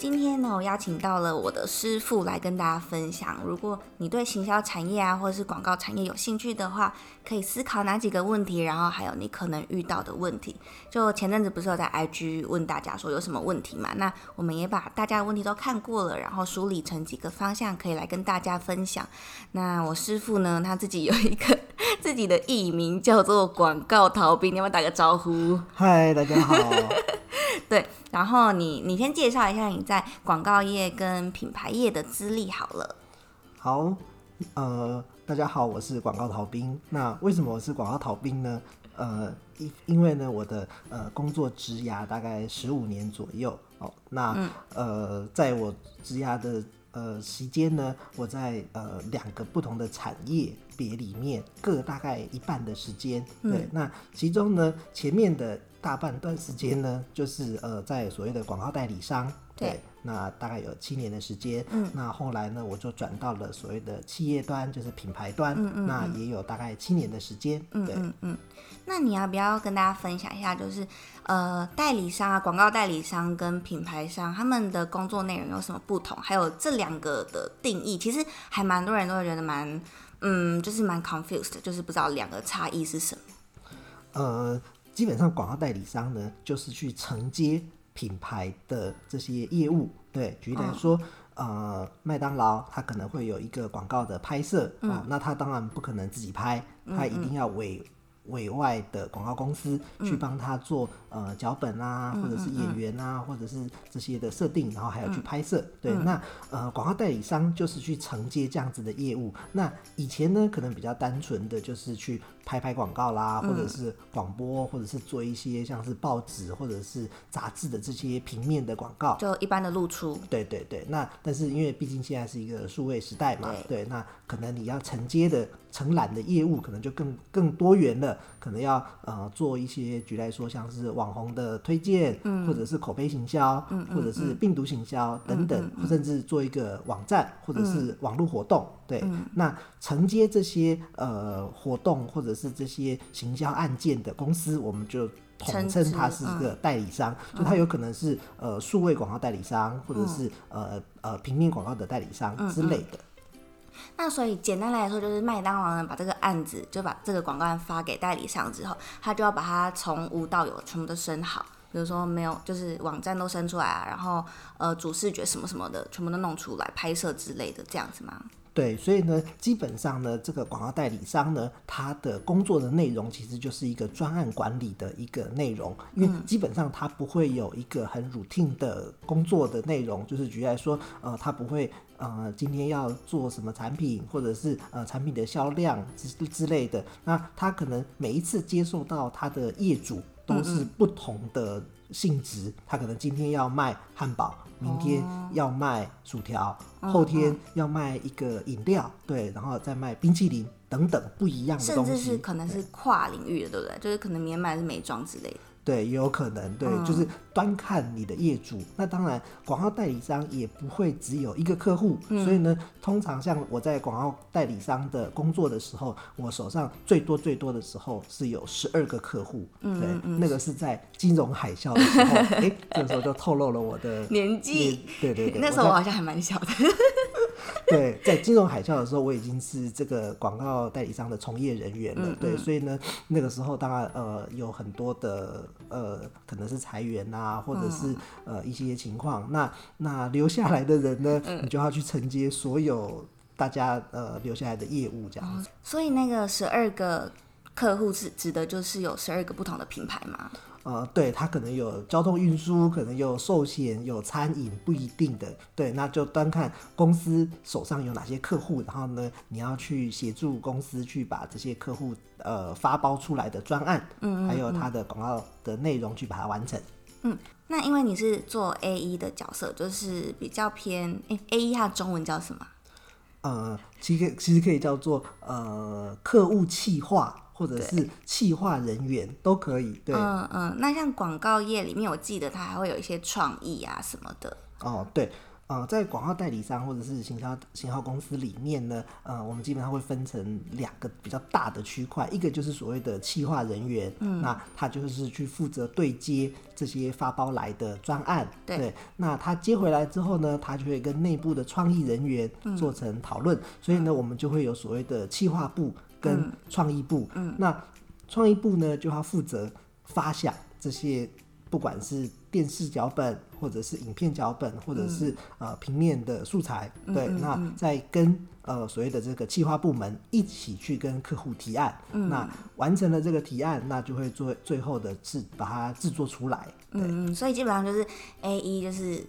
今天呢，我邀請到了我的師傅來跟大家分享。如果你對行銷產業啊，或者是廣告產業有興趣的話，可以思考哪幾個問題，然後還有你可能遇到的問題。就前陣子不是有在 IG 問大家說有什麼問題嘛？那我們也把大家的問題都看過了，然後梳理成幾個方向可以來跟大家分享。那我師傅呢，他自己有一個自己的藝名叫做廣告逃兵，你要不要打個招呼？嗨，大家好。 對，然後你你先介紹一下你。在廣告業跟品牌業的資歷好了，好，呃，大家好，我是廣告逃兵。那為什麼我是廣告逃兵呢？呃，因因為呢，我的呃工作職涯大概十五年左右，哦，那，嗯，呃，在我職涯的呃時間呢，我在呃兩個不同的產業別裡面各大概一半的時間。嗯，對，那其中呢，前面的大半段時間呢，嗯，就是呃在所謂的廣告代理商。對，那大概有七年的時間。嗯，那後來呢，我就轉到了所謂的企業端，就是品牌端。嗯嗯，嗯，那也有大概七年的時間。嗯嗯對嗯，那你要不要跟大家分享一下，就是呃，代理商啊，廣告代理商跟品牌商他們的工作內容有什麼不同？還有這兩個的定義，其實還蠻多人都會覺得蠻，嗯，就是蠻 confused，就是不知道兩個差異是什麼。呃，基本上廣告代理商呢，就是去承接。品牌的這些業務，對，舉例來說，哦、呃，麥當勞它可能會有一個廣告的拍攝，啊、嗯呃，那它當然不可能自己拍，它一定要委。委外的廣告公司去幫他做呃腳本啊，或者是演員啊，或者是這些的設定，然後還要去拍攝。對，那呃廣告代理商就是去承接這樣子的業務。那以前呢，可能比較單純的就是去拍拍廣告啦，或者是廣播，或者是做一些像是報紙或者是雜誌的這些平面的廣告。就一般的露出。對對對，那但是因為畢竟現在是一個數位時代嘛，對，那可能你要承接的。承攬的業務可能就更更多元了，可能要呃做一些，舉例來說，像是網紅的推薦，嗯、或者是口碑行銷，嗯嗯、或者是病毒行銷，嗯、等等，嗯嗯、甚至做一個網站或者是網絡活動。嗯、對，嗯、那承接這些呃活動或者是這些行銷案件的公司，我們就統稱它是一個代理商，嗯、就它有可能是呃數位廣告代理商，嗯、或者是呃呃平面廣告的代理商之類的，嗯嗯那所以簡單來說，就是麥當勞呢把這個案子，就把這個廣告案發給代理商之後，他就要把它從無到有全部都生好，比如說沒有就是網站都生出來啊，然後呃主視覺什麼什麼的全部都弄出來，拍攝之類的這樣子嗎？對，所以呢，基本上呢，這個廣告代理商呢，他的工作的內容其實就是一個專案管理的一個內容，因為基本上他不會有一個很 routine 的工作的內容，就是舉例來說，呃，他不會。呃，今天要做什麼產品，或者是呃產品的銷量之之類的，那他可能每一次接受到他的業主都是不同的性質。嗯嗯，他可能今天要賣漢堡，明天要賣薯條，哦、後天要賣一個飲料，嗯嗯，對，然後再賣冰淇淋等等不一樣的東西，甚至是可能是跨領域的，對不對？對，就是可能明天賣的是美妝之類的。對，也有可能，對，就是端看你的業主。嗯、那當然，廣告代理商，也不會只有一個客戶，嗯、所以呢，通常像我在廣告代理商的工作的時候，我手上最多最多的時候是有十二個客戶。對嗯嗯那個是在金融海嘯的時候，哎、 欸，這個、時候就透露了我的年紀紀，對對對，那時候我好像還蠻小的。 對，在金融海嘯的時候，我已經是這個廣告代理商的從業人員了。嗯嗯對，所以呢，那個時候當然呃有很多的。呃，可能是裁員啊，或者是呃一些情況，嗯、那那留下來的人呢，嗯、你就要去承接所有大家呃留下來的業務，這樣子、哦。所以那個十二個客戶指指的就是有十二個不同的品牌嘛？呃，對，他可能有交通運輸，可能有壽險，有餐飲，不一定的。對，那就端看公司手上有哪些客戶，然後呢，你要去協助公司去把這些客戶呃發包出來的專案，嗯，嗯，嗯，還有他的廣告的內容去把它完成。嗯，那因為你是做 AE 的角色，就是比較偏哎，AE 它的中文叫什麼？呃，其實其實可以叫做呃，客戶企劃。或者是企劃人員都可以。對，嗯嗯，那像廣告業裡面，我記得它還會有一些創意啊什麼的。哦，對，呃，在廣告代理商或者是行銷行銷公司裡面呢，呃，我們基本上會分成兩個比較大的區塊，一個就是所謂的企劃人員，嗯、那他就是去負責對接這些發包來的專案。對，對，那他接回來之後呢，他就會跟內部的創意人員做成討論，嗯、所以呢，我們就會有所謂的企劃部。跟創意部，嗯嗯、那創意部呢，就要負責發想這些，不管是電視腳本，或者是影片腳本，或者是、嗯、呃平面的素材，嗯、對。嗯嗯、那再跟呃所謂的這個企劃部門一起去跟客戶提案，嗯、那完成了這個提案，那就會做最後的制，把它制作出來。對、嗯，所以基本上就是 A E 就是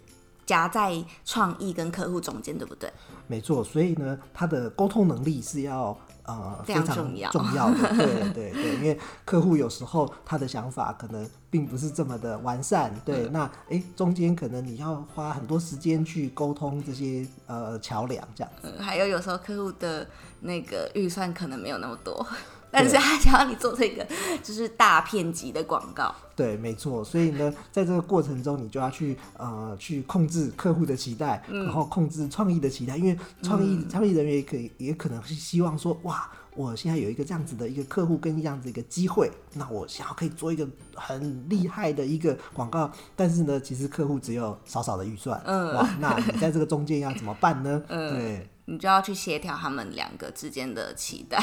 夾在創意跟客戶中間，對不對？沒錯。所以呢，他的溝通能力是要。呃、非，常 非常重要的，對對對，因為客戶有時候他的想法可能並不是這麼的完善，對，嗯、那誒，中間可能你要花很多時間去溝通這些呃橋梁，這樣子、嗯，還有有時候客戶的那個預算可能沒有那麼多。但是他想要你做這個，對就是大片級的廣告。對，沒錯。所以呢，在這個過程中，你就要去呃，去控制客戶的期待，嗯、然後控制創意的期待。因為創意創、嗯、創意人員也可以也可能是希望說，哇，我現在有一個這樣子的一個客戶跟這樣子一個機會，那我想要可以做一個很厲害的一個廣告。但是呢，其實客戶只有少少的預算，嗯、哇，那你在這個中間要怎麼辦呢？嗯。對。你就要去協調他們兩個之間的期待，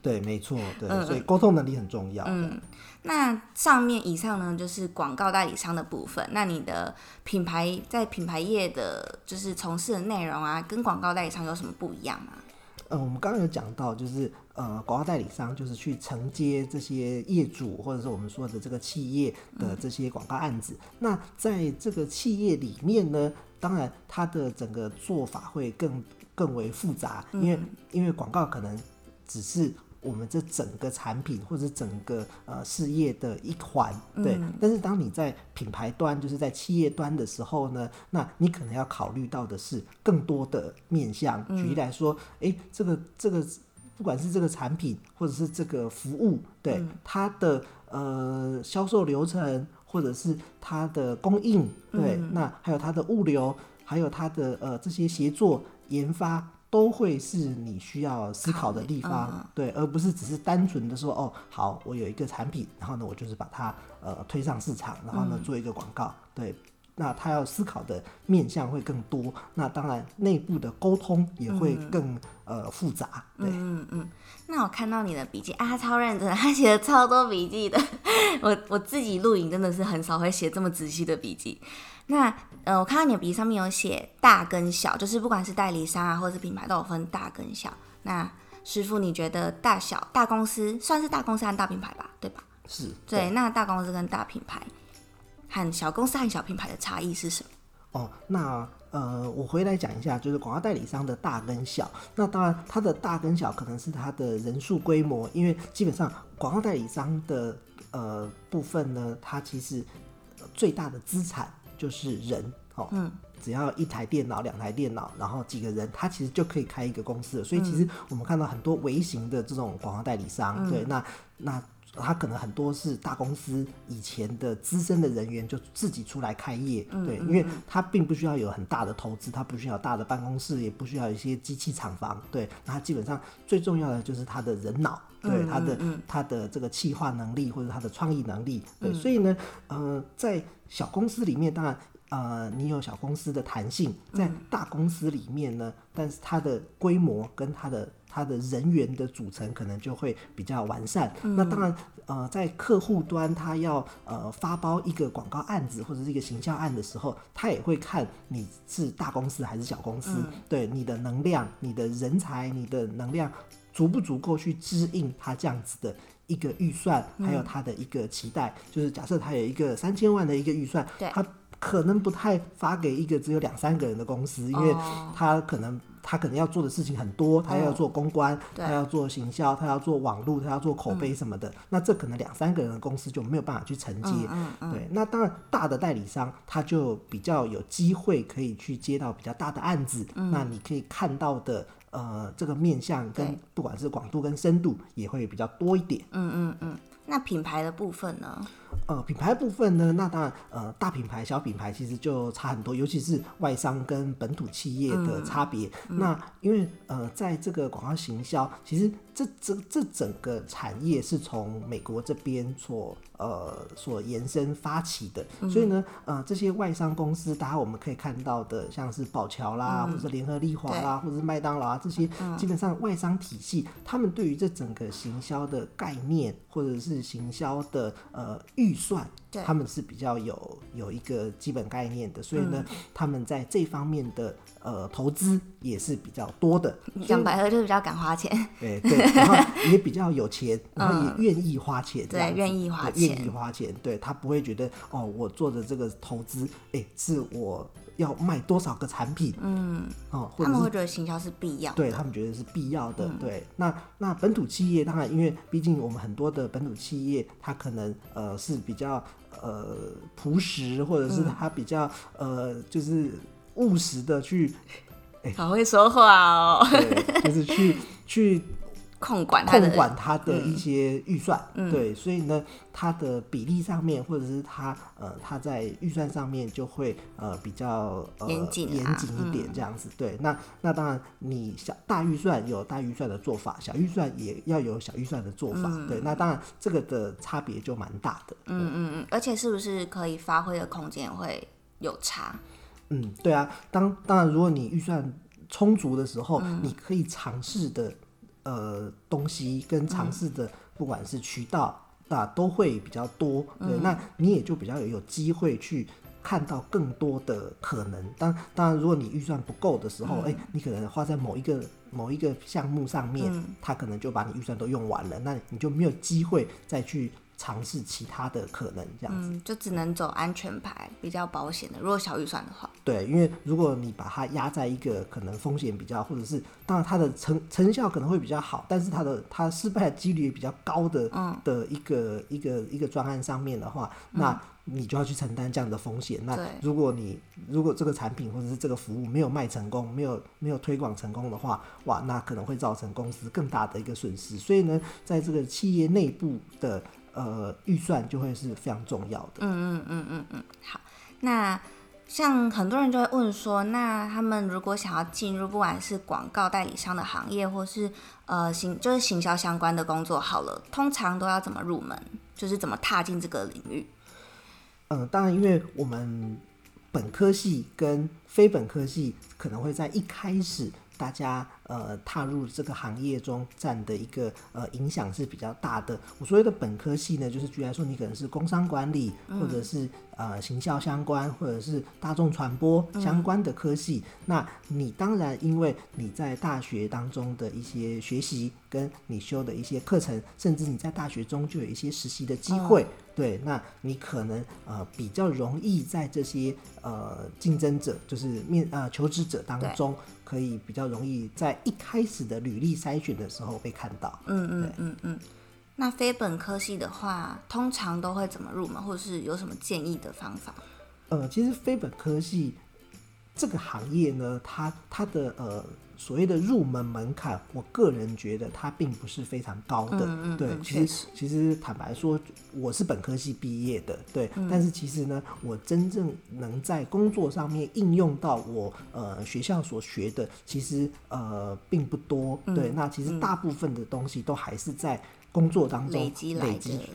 對，沒錯，對，所以溝通能力很重要嗯。嗯，那上面以上呢，就是廣告代理商的部分。那你的品牌在品牌業的，就是從事的內容啊，跟廣告代理商有什麼不一樣嗎、啊嗯就是？呃，我們剛剛有講到，就是呃，廣告代理商就是去承接這些業主或者是我們說的這個企業的這些廣告案子。嗯、那在這個企業裡面呢，當然他的整個做法會更。更為複雜，因為因為廣告可能只是我們這整個產品或者整個呃事業的一環，對。嗯、但是當你在品牌端，就是在企業端的時候呢，那你可能要考慮到的是更多的面向。嗯、舉例來說，哎、欸，這個這個不管是這個產品或者是這個服務，對、嗯、它的呃銷售流程或者是它的供應，對，嗯、那還有它的物流，還有它的呃這些協作。研發都會是你需要思考的地方，嗯、對，而不是只是單純的說哦，好，我有一個產品，然後呢，我就是把它呃推上市場，然後呢，做一個廣告，嗯、對，那他要思考的面向會更多，那當然內部的溝通也會更、嗯、呃複雜，對，嗯嗯，那我看到你的筆記啊，超認真，他寫了超多筆記的， 我我自己錄影真的是很少會寫這麼仔細的筆記。那呃，我看到你的筆記上面有寫大跟小，就是不管是代理商啊，或者是品牌，都有分大跟小。那師傅，你覺得大小大公司算是大公司還是大品牌吧，對吧？是。對，對。那大公司跟大品牌，和小公司和小品牌的差異是什麼？哦，那呃，我回來講一下，就是廣告代理商的大跟小。那當然，它的大跟小可能是它的人數規模，因為基本上廣告代理商的呃部分呢，它其實最大的資產。就是人哦，嗯，只要一台電腦、兩台電腦，然後幾個人，他其實就可以開一個公司了，所以其實我們看到很多微型的這種廣告代理商，嗯，對，那那。他可能很多是大公司以前的資深的人員，就自己出來開業，嗯嗯嗯對，因為他並不需要有很大的投資，他不需要大的辦公室，也不需要一些機器廠房，對，那他基本上最重要的就是他的人腦，對，嗯嗯嗯嗯，他的他的這個企劃能力或者他的創意能力，對，嗯、所以呢，呃，在小公司裡面，當然呃，你有小公司的彈性，在大公司裡面呢，但是它的規模跟它的。他的人員的組成可能就會比較完善。嗯、那當然，呃，在客戶端他要呃發包一個廣告案子或者是一個形象案的時候，他也會看你是大公司還是小公司，嗯、對你的能量、你的人才、你的能量足不足夠去支應他這樣子的一個預算，還有他的一個期待。嗯、就是假設他有一個三千萬的一個預算，對他可能不太發給一個只有兩三個人的公司，因為他可能。他可能要做的事情很多，他要做公關，嗯、他要做行銷，他要做網絡，他要做口碑什麼的。嗯、那這可能兩三個人的公司就沒有辦法去承接。嗯嗯嗯、對，那當然大的代理商他就比較有機會可以去接到比較大的案子。嗯、那你可以看到的呃這個面向跟不管是廣度跟深度也會比較多一點。嗯嗯嗯。嗯嗯那品牌的部分呢？呃，品牌的部分呢？那當然，呃，大品牌、小品牌其實就差很多，尤其是外商跟本土企業的差別。嗯、那因為呃，在這個廣告行銷，其實。這這這整個產業是從美國這邊所呃所延伸發起的，嗯、所以呢，呃，這些外商公司，大家我們可以看到的，像是寶僑啦，嗯、或者聯合利華啦，對或者是麥當勞啊這些，基本上外商體系，他、嗯啊、們對於這整個行銷的概念或者是行銷的呃預算，他對們是比較有有一個基本概念的，所以呢，他、嗯、們在這方面的呃投資也是比較多的。講白了，以就比較敢花錢。對。對 然後也比較有錢，然後也願意花錢、嗯，對，願意花錢，願意花錢。對，他不會覺得哦，我做的這個投資，哎，是我要賣多少個產品？嗯，哦，他們會覺得行銷是必要的，對，他們覺得是必要的。嗯、對，那那本土企業，當然，因為畢竟我們很多的本土企業，他可能呃是比較呃樸實，或者是他比較呃就是務實的去，哎，好會說話哦，對，就是去去。控管他的，控管他的一些預算，嗯嗯、對，所以呢，他的比例上面，或者是他呃，他在預算上面就會呃比較嚴謹嚴謹一點，這樣子。嗯、對，那那當然，你小大預算有大預算的做法，小預算也要有小預算的做法。嗯、對，那當然這個的差別就蠻大的。嗯嗯嗯，嗯而且是不是可以發揮的空間會有差？嗯，對啊，當當然，如果你預算充足的時候，嗯、你可以嘗試的。呃，東西跟嘗試的，嗯、不管是渠道啊，都會比較多。嗯、對，那你也就比較有機會去看到更多的可能。當然當然，如果你預算不夠的時候，誒、嗯欸，你可能花在某一個某一個項目上面，嗯、他可能就把你預算都用完了，那你就沒有機會再去。嘗試其他的可能，這樣子就只能走安全牌，比較保險的。如果小預算的話，對，因為如果你把它壓在一個可能風險比較，或者是當然它的成成效可能會比較好，但是它的它失敗的幾率也比較高的的一個一個一個專案上面的話，那你就要去承擔這樣的風險。那如果你如果這個產品或者是這個服務沒有賣成功，沒有沒有推廣成功的話，哇，那可能會造成公司更大的一個損失。所以呢，在這個企業內部的。呃，預算就會是非常重要的。嗯嗯嗯嗯嗯。好，那像很多人就會問說，那他們如果想要進入，不管是廣告代理商的行業，或是呃行就是行銷相關的工作，好了，通常都要怎麼入門？就是怎麼踏進這個領域？嗯、呃，當然，因為我們本科系跟非本科系可能會在一開始大家。呃，踏入這個行業中佔的一個呃影響是比較大的。我所謂的本科系呢，就是舉例說，你可能是工商管理，或者是。呃，行銷相關或者是大眾傳播相關的科系，嗯、那你當然因為你在大學當中的一些學習，跟你修的一些課程，甚至你在大學中就有一些實習的機會，哦、對，那你可能呃比較容易在這些呃競爭者，就是面呃求職者當中，對可以比較容易在一開始的履歷篩選的時候被看到。嗯嗯嗯嗯。嗯嗯那非本科系的話，通常都會怎麼入門，或者是有什麼建議的方法？呃，其實非本科系這個行業呢，它它的呃所謂的入門門檻，我個人覺得它並不是非常高的。嗯、對，嗯、其實、確實。其實坦白說，我是本科系畢業的，對，嗯、但是其實呢，我真正能在工作上面應用到我呃學校所學的，其實呃並不多。嗯、對，那其實大部分的東西都還是在。工作當中累積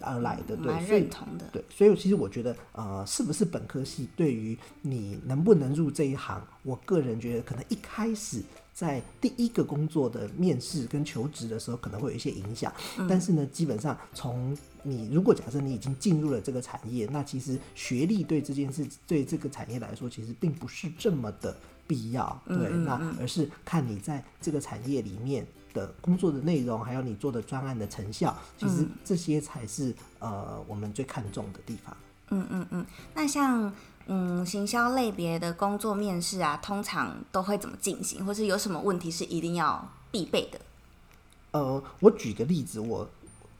而來的，蠻認同的，累積來的，對。對，所以其實我覺得，呃，是不是本科系對於你能不能入這一行，我個人覺得可能一開始在第一個工作的面試跟求職的時候，可能會有一些影響。嗯、但是呢，基本上從你如果假設你已經進入了這個產業，那其實學歷對這件事對這個產業來說，其實並不是這麼的必要。對，嗯嗯啊、那而是看你在這個產業裡面，的工作的內容，還有你做的專案的成效，其實這些才是、嗯、呃我們最看重的地方。嗯嗯嗯。那像嗯行銷類別的工作面試啊，通常都會怎麼進行，或是有什麼問題是一定要必備的？呃，我舉個例子，我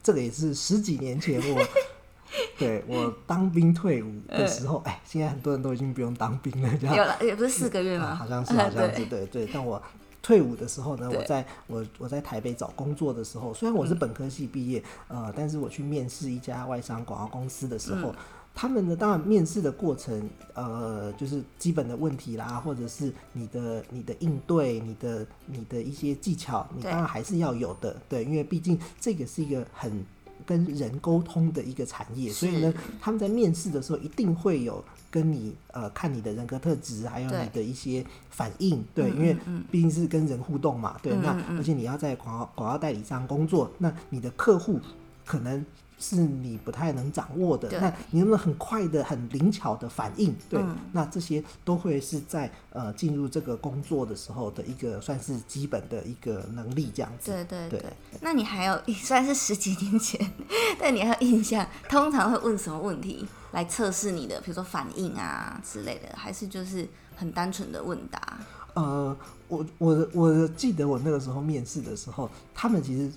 這個也是十幾年前我 對我當兵退伍的時候，對哎，現在很多人都已經不用當兵了，這樣有了也不是四個月嗎？嗯啊、好像是，好像是 對對，對，對，對。但我。退伍的時候呢，對我在我我在台北找工作的時候，雖然我是本科系畢業，嗯、呃，但是我去面試一家外商廣告公司的時候，嗯、他們呢當然面試的過程，呃，就是基本的問題啦，或者是你的你的應對，你的你的一些技巧，你當然還是要有的，對，對，因為畢竟這個是一個很。跟人溝通的一個產業，是所以呢，他們在面試的時候一定會有跟你呃，看你的人格特質，還有你的一些反應，對，對，因為畢竟是跟人互動嘛，嗯嗯嗯對，那而且你要在廣告廣告代理商工作，那你的客戶可能，是你不太能掌握的。對那你能不能很快的、很靈巧的反應？對，嗯、那這些都會是在呃進入這個工作的時候的一個算是基本的一個能力這樣子。對對對。對對，那你還有雖然是十幾年前，但你還有印象？通常會問什麼問題來測試你的？比如說反應啊之類的，還是就是很單純的問答？呃，我我我記得我那個時候面試的時候，他們其實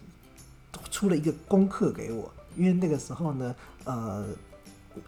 出了一個功課給我。因為那個時候呢，呃，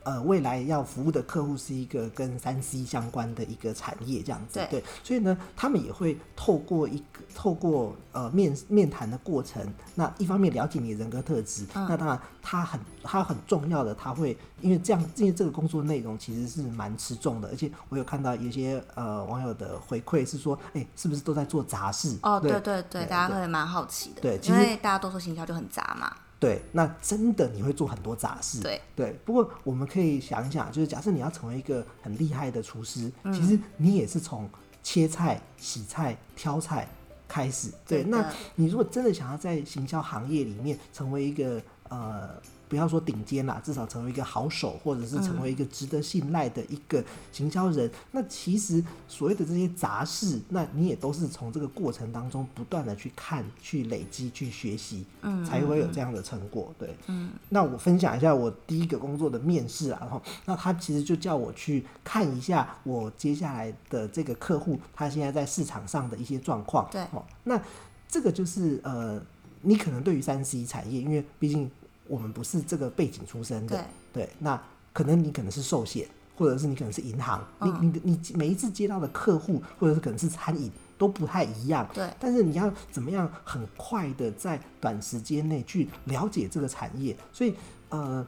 呃，未來要服務的客戶是一個跟三 C 相關的一個產業，這樣子。對，對，所以呢，他們也會透過一個透過呃面面談的過程，那一方面了解你的人格特質，嗯、那當然他很他很重要的他會，因為這樣，因為這個工作內容其實是蠻吃重的，而且我有看到有些呃網友的回饋是說，哎、欸，是不是都在做雜事？哦，對，對對對，對對對，大家會蠻好奇的，對，因為大家都說行銷就很雜嘛。對，那真的你會做很多雜事。對，對，不過我們可以想一想，就是假設你要成為一個很厲害的廚師，嗯，其實你也是從切菜、洗菜、挑菜開始。對，真的，那你如果真的想要在行銷行業裡面成為一個呃。不要說頂尖啦，至少成為一個好手，或者是成為一個值得信賴的一個行銷人。嗯、那其實所謂的這些雜事，那你也都是從這個過程當中不斷的去看、去累積、去學習，嗯、才會有這樣的成果。嗯、對，嗯、那我分享一下我第一個工作的面試啊，那他其實就叫我去看一下我接下來的這個客戶，他現在在市場上的一些狀況。對，哦，那這個就是呃，你可能對於三 C 產業，因為畢竟。我們不是這個背景出身的，對，對，那可能你可能是壽險，或者是你可能是銀行，哦、你你你每一次接到的客戶或者是可能是餐飲都不太一樣，對。但是你要怎麼樣很快的在短時間內去了解這個產業？所以，呃，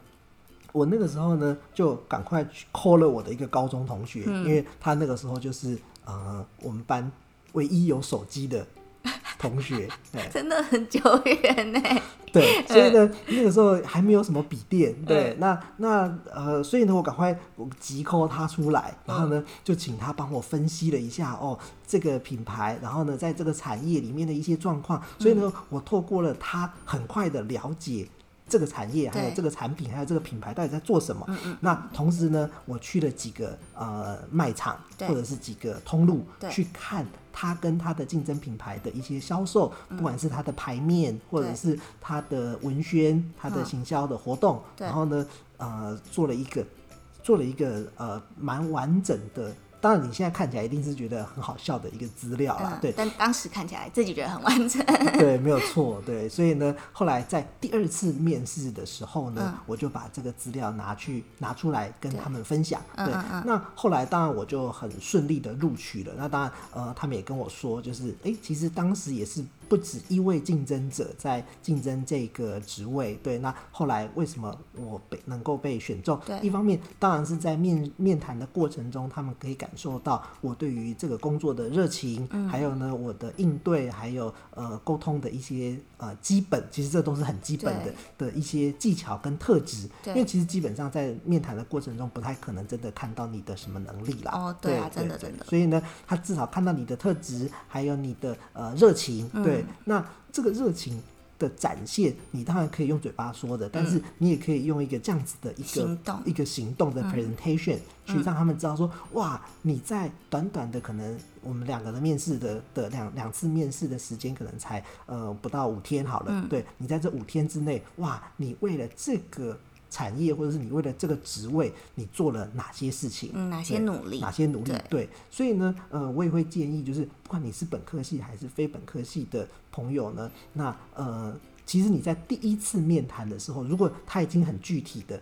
我那個時候呢就趕快 call 了我的一個高中同學，嗯、因為他那個時候就是呃我們班唯一有手機的。 同學，對真的很久遠呢。對，所以呢，嗯、那個時候還沒有什麼筆電，對，嗯、那那呃，所以呢，我趕快我急 call 他出來，然後呢，就請他幫我分析了一下哦，這個品牌，然後呢，在這個產業裡面的一些狀況，所以呢，嗯、我透過了他很快的了解。這個產業，對還有這個產品，還有這個品牌，到底在做什麼？嗯嗯、那同時呢，我去了幾個呃賣場，對或者是幾個通路，對去看它跟它的競爭品牌的一些銷售，嗯、不管是它的排面，或者是它的文宣、它對的行銷的活動。嗯、然後呢，呃，做了一個做了一個呃蠻完整的。當然，你現在看起來一定是覺得很好笑的一個資料啦，嗯、對。但當時看起來自己覺得很完整， 對，沒有錯，對。所以呢，後來在第二次面試的時候呢，嗯、我就把這個資料拿去拿出來跟他們分享，對。那後來當然我就很順利的錄取了。那當然，呃，他們也跟我說，就是、欸，其實當時也是。不止一位競爭者在競爭這個職位，對。那後來為什麼我被能夠被選中？對，一方面當然是在面面談的過程中，他們可以感受到我對於這個工作的熱情，嗯、還有呢我的應對，還有呃溝通的一些呃基本，其實這都是很基本的對的一些技巧跟特質。對因為其實基本上在面談的過程中，不太可能真的看到你的什麼能力啦。哦，對啊，真的對真的。真的，所以呢，他至少看到你的特質，還有你的呃熱情，嗯、對。那這個熱情的展現，你當然可以用嘴巴說的，嗯、但是你也可以用一個這樣子的一個動一個行動的 presentation、嗯、去讓他們知道說，哇，你在短短的可能我們兩個人面試的的兩兩次面試的時間，可能才呃不到五天好了，嗯、對你在這五天之內，哇，你為了這個產業，或者是你為了這個職位，你做了哪些事情？哪些努力？哪些努力？對，所以呢，呃，我也會建議，就是不管你是本科系還是非本科系的朋友呢，那呃，其實你在第一次面談的時候，如果他已經很具體的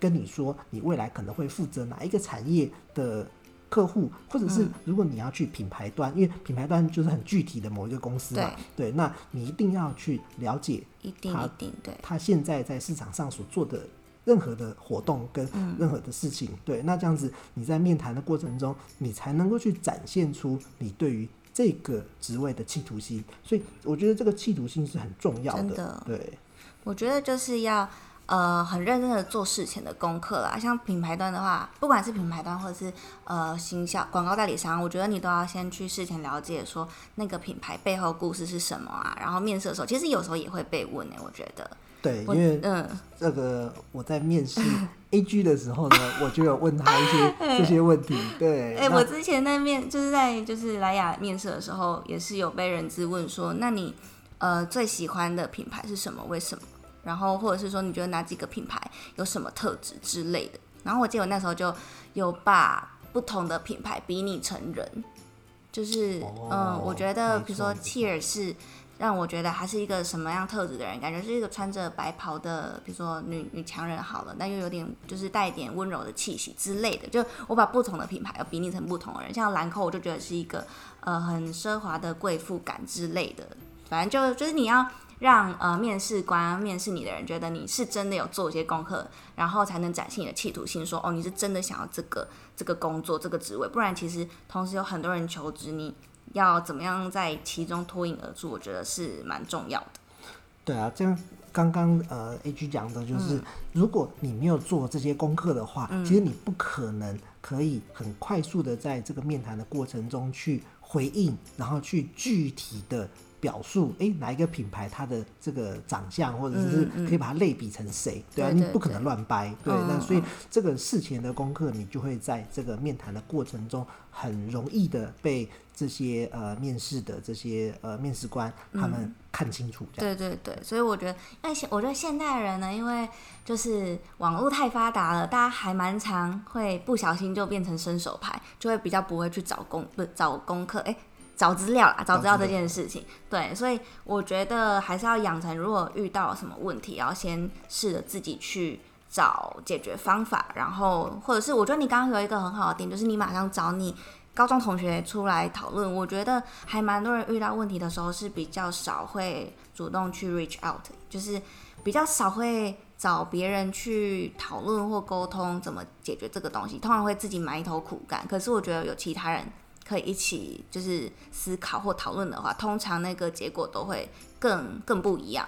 跟你說，你未來可能會負責哪一個產業的客戶，或者是如果你要去品牌端，嗯，因為品牌端就是很具體的某一個公司嘛，對，對，那你一定要去了解，一定，一定，對，他現在在市場上所做的。任何的活動跟任何的事情，嗯、對，那這樣子，你在面談的過程中，你才能夠去展現出你對於這個職位的企圖心，所以我覺得這個企圖心是很重要的。真的，對，我覺得就是要呃很認真的做事前的功課啦。像品牌端的話，不管是品牌端或者是呃行銷廣告代理商，我覺得你都要先去事前了解說那個品牌背後故事是什麼啊，然後面試的時候，其實有時候也會被問、欸、我覺得。對，因為嗯、這個我在面試 AG 的時候呢，我,呃、我就有問他一些這些問題。 欸、對，哎、欸，我之前在面就是在就是萊雅面試的時候，也是有被人質問說，那你呃最喜歡的品牌是什麼？為什麼？然後或者是說你覺得哪幾個品牌有什麼特質之類的？然後我記得我那時候就有把不同的品牌比擬成人，就是、哦、嗯，我覺得錯比如說契爾、er、是。讓我覺得他是一個什麼樣特質的人？感覺是一個穿着白袍的，比如說女女強人好了，但又有點就是帶一點溫柔的氣息之類的。就我把不同的品牌要比擬成不同的人，像蘭蔻，我就覺得是一個呃很奢華的貴婦感之類的。反正就就是你要讓呃面試官面試你的人覺得你是真的有做一些功課，然後才能展現你的企圖心，性說哦你是真的想要這個這個工作這個職位，不然其實同時有很多人求職你。要怎麼樣在其中脫穎而出？我覺得是蠻重要的。對啊，這樣剛剛呃，Agnes 講的就是，嗯、如果你沒有做這些功課的話，嗯、其實你不可能可以很快速的在這個面談的過程中去回應，然後去具體的。表述誒，哪一個品牌它的這個長相，或者是可以把它類比成誰？嗯嗯、對啊，對對對，你不可能亂掰。嗯、對，那所以這個事前的功課，你就會在這個面談的過程中，很容易的被這些呃面試的這些呃面試官他們看清楚。嗯、這樣。對對對，所以我覺得，因為我覺得現代人呢，因為就是網絡太發達了，大家還蠻常會不小心就變成伸手牌，就會比較不會去找功，不找功課誒。找資料啦，找資料找這件事情，對，所以我覺得還是要養成，如果遇到什麼問題，要先試着自己去找解決方法，然後或者是我覺得你剛剛有一個很好的點，就是你馬上找你高中同學出來討論。我覺得還蠻多人遇到問題的時候是比較少會主動去 reach out，就是比較少會找別人去討論或溝通怎麼解決這個東西，通常會自己埋頭苦幹。可是我覺得有其他人。可以一起就是思考或討論的話，通常那個結果都會更更不一樣。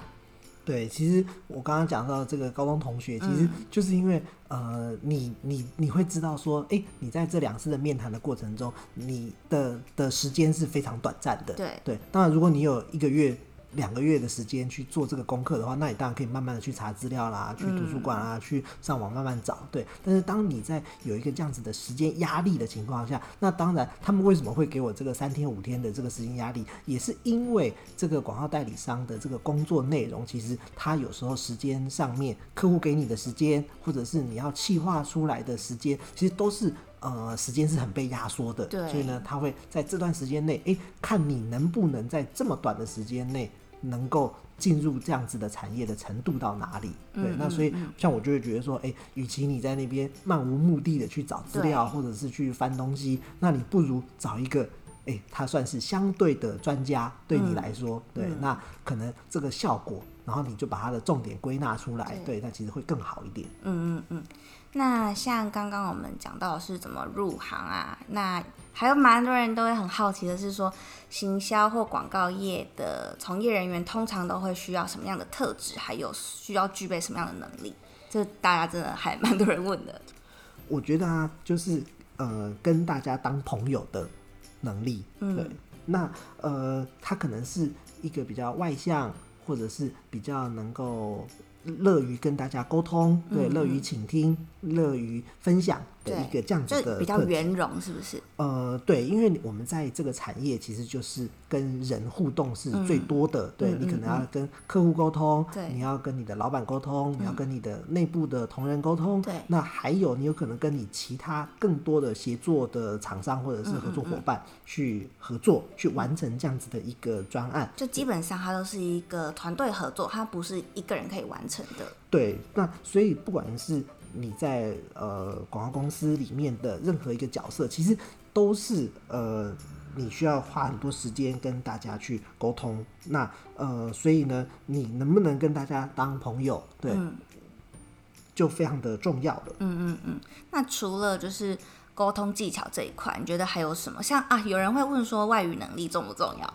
對，其實我剛剛講到這個高中同學，嗯、其實就是因為呃，你你你會知道說，誒、欸，你在這兩次的面談的過程中，你的的時間是非常短暫的。對對，當然如果你有一個月。兩個月的時間去做這個功課的話，那你當然可以慢慢的去查資料啦，去圖書館啊，嗯、去上網慢慢找。對，但是當你在有一個這樣子的時間壓力的情況下，那當然他們為什麼會給我這個三天五天的這個時間壓力，也是因為這個廣告代理商的這個工作內容，其實他有時候時間上面，客戶給你的時間，或者是你要企劃出來的時間，其實都是呃時間是很被壓縮的。對，所以呢，他會在這段時間內，哎，看你能不能在這麼短的時間內。能夠進入這樣子的產業的程度到哪裡？對，那所以像我就會覺得說，誒、欸，與其你在那邊漫無目的的去找資料，對，或者是去翻東西，那你不如找一個，誒、欸，他算是相對的專家對你來說，嗯、對，嗯、那可能這個效果，然後你就把它的重點歸納出來，對，對，那其實會更好一點。嗯嗯嗯。那像剛剛我們講到的是怎麼入行啊？那還有蠻多人都會很好奇的是說，行銷或廣告業的從業人員通常都會需要什麼樣的特質，還有需要具備什麼樣的能力？這大家真的還蠻多人問的。我覺得啊，就是呃，跟大家當朋友的能力，對，嗯，那呃，他可能是一個比較外向，或者是比較能夠樂於跟大家溝通，對，樂於傾聽，樂於分享。對，一個這樣子的比較圓融，是不是？呃，對，因為我們在這個產業，其實就是跟人互動是最多的。對，你可能要跟客戶溝通，對，你要跟你的老闆溝通，你要跟你的內部的同仁溝通，對。那還有，你有可能跟你其他更多的協作的廠商或者是合作夥伴去合作，去完成這樣子的一個專案。就基本上，它都是一個團隊合作，它不是一個人可以完成的。對，那所以不管是你在呃廣告公司裡面的任何一個角色，其實都是呃你需要花很多時間跟大家去溝通。那呃所以呢，你能不能跟大家當朋友，對，嗯、就非常的重要的、嗯。嗯嗯嗯。那除了就是溝通技巧這一塊，你覺得還有什麼？像啊，有人會問說外語能力重不重要？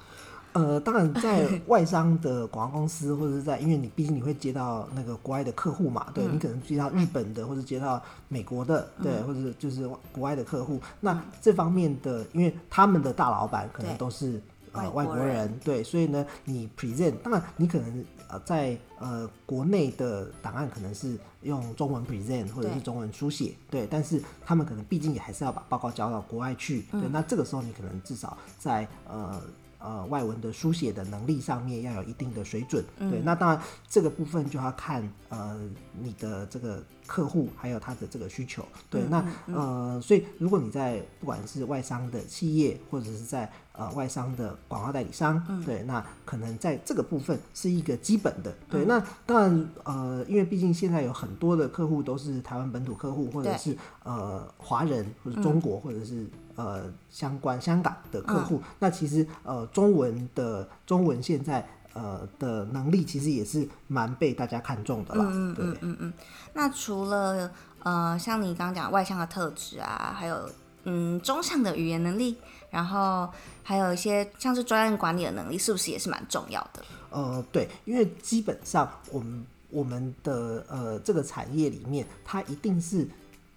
呃，當然，在外商的廣告公司或者是在，因為你畢竟你會接到那個國外的客戶嘛，對，嗯、你可能接到日本的或者接到美國的，嗯、對，或者是就是國外的客戶。嗯、那這方面的，因為他們的大老闆可能都是對呃外國人，外國人對，所以呢，你 present，當然，你可能在呃在呃國內的檔案可能是用中文 present 或者是中文書寫，對，對，但是他們可能畢竟也還是要把報告交到國外去，對，嗯、對那這個時候你可能至少在呃。呃，外文的書寫的能力上面要有一定的水準，嗯、對。那當然，這個部分就要看呃你的這個客戶還有他的這個需求，嗯嗯嗯對。那呃，所以如果你在不管是外商的企業，或者是在。呃，外商的廣告代理商，嗯、對，那可能在這個部分是一個基本的。嗯、對，那當然，嗯、呃，因為畢竟現在有很多的客戶都是台灣本土客戶，或者是對呃華人，或者中國，嗯、或者是呃相關香港的客戶。嗯、那其實呃中文的中文現在呃的能力，其實也是蠻被大家看重的啦。嗯對嗯嗯嗯。那除了呃像你剛剛講外向的特質啊，還有嗯中向的語言能力，然後。還有一些像是專案管理的能力，是不是也是蠻重要的？呃，對，因為基本上我們我們的呃這個產業裡面，它一定是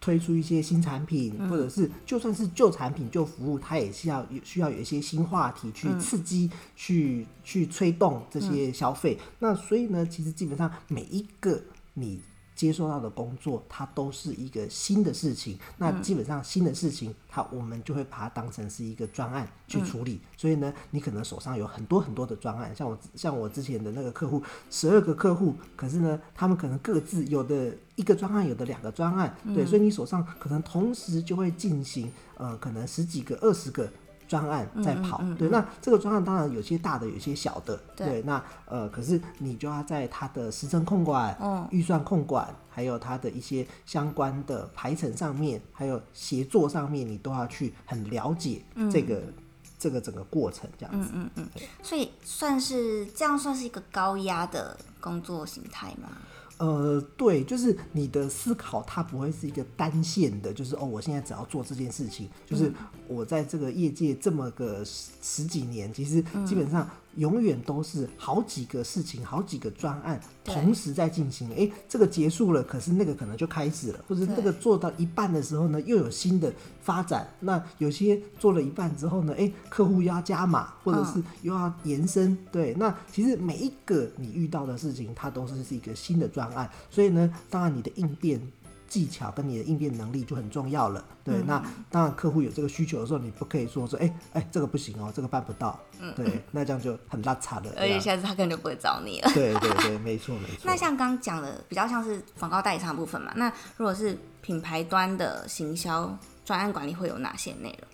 推出一些新產品，嗯、或者是，就算是舊產品、舊服務，它也是要有需要有一些新話題去刺激、嗯、去去推動這些消費。嗯、那所以呢，其實基本上每一個你。接收到的工作，它都是一個新的事情。那基本上新的事情，它我們就會把它當成是一個專案去處理。嗯。所以呢，你可能手上有很多很多的專案，像我像我之前的那個客戶，十二個客戶，可是呢，他們可能各自有的一個專案，有的兩個專案，對，所以你手上可能同時就會進行，呃，可能十幾個、二十個。專案在跑，嗯嗯嗯嗯對，那這個專案當然有些大的，有些小的，對，對，那呃，可是你就要在它的時程控管、哦、預算控管，還有它的一些相關的排程上面，還有協作上面，你都要去很了解這個、嗯、這個整個過程，這樣子，嗯嗯嗯，對所以算是這樣，算是一個高壓的工作型態嗎？呃，對，就是你的思考，它不會是一個單線的，就是哦，我現在只要做這件事情，就是我在這個業界這麼個十十幾年，其實基本上。永遠都是好幾個事情、好幾個專案同時在進行。哎對、欸，這個結束了，可是那個可能就開始了，或者那個做到一半的時候呢，又有新的發展。那有些做了一半之後呢，哎、欸，客戶要加碼，或者是又要延伸。哦、對，那其實每一個你遇到的事情，它都是是一個新的專案。所以呢，當然你的應變。技巧跟你的應變能力就很重要了。對，那當然，客戶有這個需求的時候，你不可以說說，哎、欸、哎、欸，這個不行哦、喔，這個辦不到。嗯。對，那這樣就很落漆了。而且下次他可能就不會找你了。對對對， 沒錯沒錯。那像剛講的，比較像是廣告代理商部分嘛。那如果是品牌端的行銷專案管理，會有哪些內容？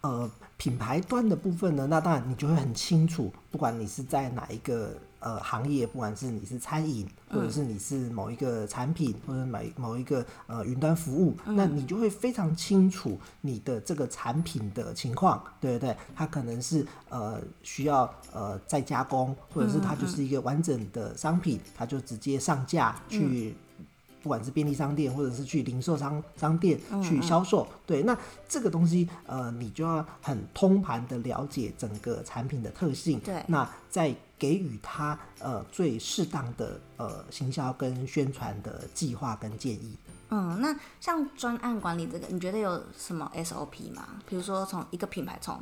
呃，品牌端的部分呢？那當然，你就會很清楚，不管你是在哪一個。呃，行業，不管是你是餐飲，或者是你是某一個產品，嗯、或者是某一個，某一個呃雲端服務，嗯、那你就會非常清楚你的這個產品的情況，對不對，它可能是呃需要呃再加工，或者是它就是一個完整的商品。嗯嗯，商品它就直接上架去，嗯、不管是便利商店，或者是去零售商商店去銷售，嗯嗯對，那這個東西呃，你就要很通盤的了解整個產品的特性，對，那在。給予他呃最適當的呃行銷跟宣傳的計劃跟建議。嗯，那像專案管理這個，你覺得有什麼 SOP 嗎？比如說從一個品牌從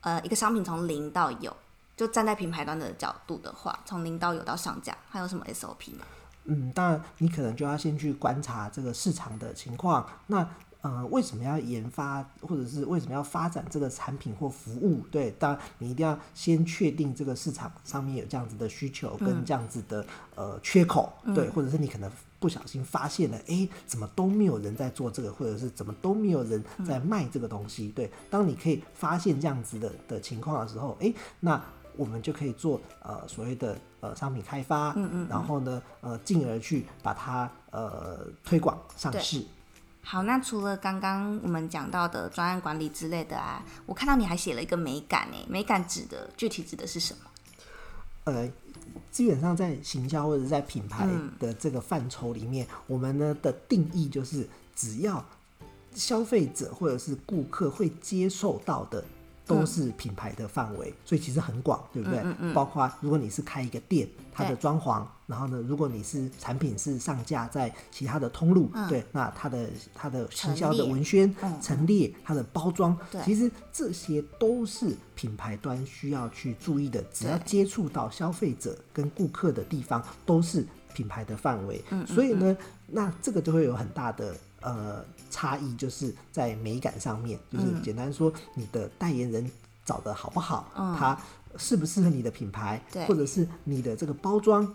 呃一個商品從零到有，就站在品牌端的角度的話，從零到有到上架，還有什麼 SOP 嗎？嗯，當然你可能就要先去觀察這個市場的情況。那嗯、呃，為什麼要研發，或者是為什麼要發展這個產品或服務？對，當然你一定要先確定這個市場上面有這樣子的需求跟這樣子的、嗯、呃缺口，對，或者是你可能不小心發現了，哎、嗯欸，怎麼都沒有人在做這個，或者是怎麼都沒有人在賣這個東西，嗯、對。當你可以發現這樣子的的情況的時候，哎、欸，那我們就可以做呃所謂的呃商品開發，嗯嗯嗯然後呢，呃，進而去把它呃推廣上市。好，那除了剛剛我們講到的專案管理之類的啊，我看到你還寫了一個美感呢、欸，美感指的具體指的是什麼？呃，基本上在行銷或者在品牌的這個範疇裡面，嗯、我們呢的定義就是，只要消費者或者是顧客會接受到的，都是品牌的範圍，嗯、所以其實很廣，對不對？嗯嗯嗯，包括如果你是開一個店。它的裝潢，然後呢，如果你是產品是上架在其他的通路，嗯、對，那它的它的行銷的文宣、陳、嗯、列、它的包裝，對其實這些都是品牌端需要去注意的。只要接觸到消費者跟顧客的地方，對都是品牌的範圍。嗯、所以呢，嗯嗯、那這個就會有很大的呃差異，就是在美感上面，就是簡單說，你的代言人找得好不好，嗯、他。適不適合你的品牌，嗯，或者是你的這個包裝，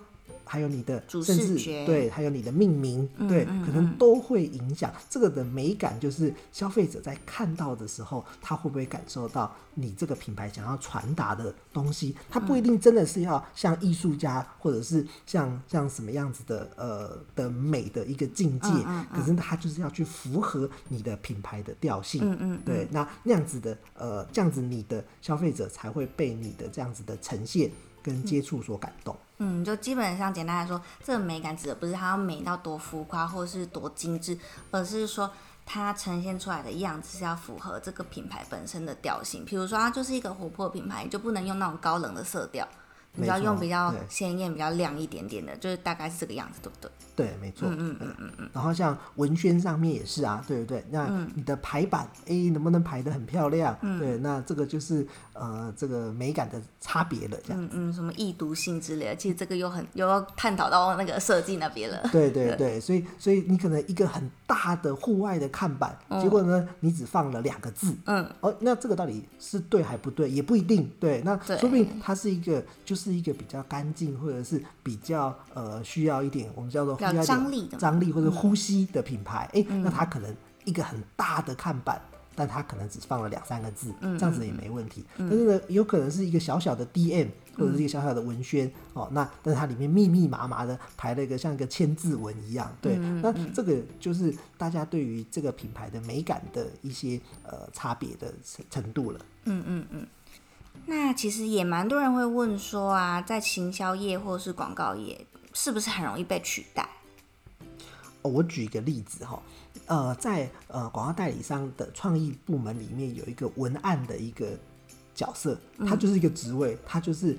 還有你的，甚至對，還有你的命名，對，可能都會影響這個的美感，就是消費者在看到的時候，他會不會感受到你這個品牌想要傳達的東西？它不一定真的是要像藝術家或者是像像什麼樣子的，呃的美的一個境界，可是它就是要去符合你的品牌的調性。嗯嗯，對，那那樣子的，呃，這樣子你的消費者才會被你的這樣子的呈現。跟接觸所感動，嗯，就基本上簡單來說，這個美感指的不是它要美到多浮誇或是多精緻，而是說它呈現出來的樣子是要符合這個品牌本身的調性。譬如說它就是一個活潑的品牌，就不能用那種高冷的色調，你要用比較鮮豔、比較亮一點點的，就是大概是這個樣子，對不對？對，沒錯，嗯嗯嗯嗯，然後像文宣上面也是啊，對不對，對？那你的排版 A、嗯欸、能不能排的很漂亮？嗯、對，那這個就是呃，這個美感的差別了，這樣，嗯嗯，什麼易讀性之類的，其實這個又很又要探討到那個設計那邊了。對對對，對所以所以你可能一個很大的戶外的看板，嗯、結果呢，你只放了兩個字，嗯，哦，那這個到底是對還不對？也不一定，對，那說不定它是一個對就是一個比較乾淨，或者是比較呃需要一點我們叫做。張、啊、力的張力或者呼吸的品牌，哎、嗯欸，那它可能一個很大的看板，嗯、但它可能只放了兩三個字，嗯嗯、這樣子也沒問題。嗯、但是呢，有可能是一個小小的 DM 或者是一個小小的文宣，嗯、哦，那但是它裡面密密麻麻的排了一個像一個千字文一樣，對，嗯、那這個就是大家對於這個品牌的美感的一些呃差別的程度了。嗯嗯嗯，那其實也蠻多人會問說啊，在行銷業或者是廣告業，是不是很容易被取代？哦，我舉一個例子哈，呃，在呃廣告代理商的創意部門裡面有一個文案的一個角色，它就是一個職位，它就是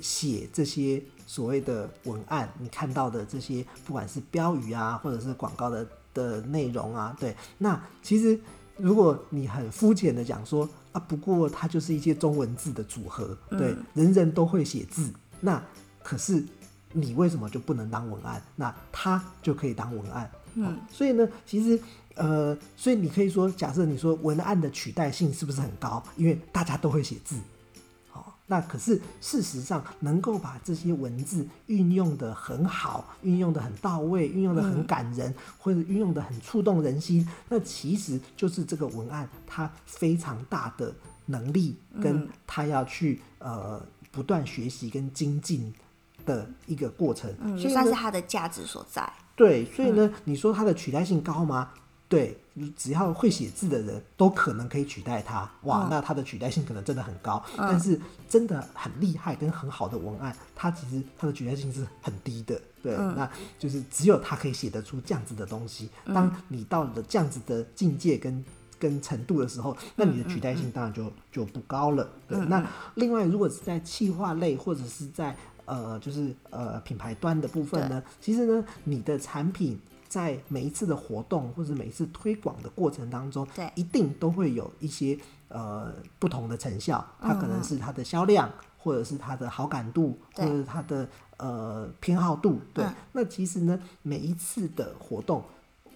寫這些所謂的文案，你看到的這些不管是標語啊，或者是廣告的的內容啊，對，那其實如果你很膚淺的講說啊，不過它就是一些中文字的組合，對，人人都會寫字，那可是。你為什麼就不能當文案？那他就可以當文案。嗯，所以呢，其實，呃，所以你可以說，假設你說文案的取代性是不是很高？因為大家都會寫字，哦，那可是事實上，能夠把這些文字運用得很好，運用得很到位，運用得很感人，嗯、或者運用得很觸動人心，那其實就是這個文案它非常大的能力，跟它要去呃不斷學習跟精進。的一個過程，所以它是它的價值所在。對，所以呢，嗯、你說它的取代性高嗎？對，只要會寫字的人，都可能可以取代它。哇，嗯、那它的取代性可能真的很高。嗯、但是，真的很厲害跟很好的文案，它其實它的取代性是很低的。對，嗯、那就是只有它可以寫得出這樣子的東西。當你到了這樣子的境界跟跟程度的時候，那你的取代性當然就、嗯、就不高了。對，嗯嗯、那另外如果是在企劃類或者是在呃，就是呃，品牌端的部分呢，對其實呢，你的產品在每一次的活動或者每一次推廣的過程當中，對，一定都會有一些呃不同的成效。嗯、它可能是它的銷量，或者是它的好感度，或者是它的對呃偏好度。對，對那其實呢，每一次的活動，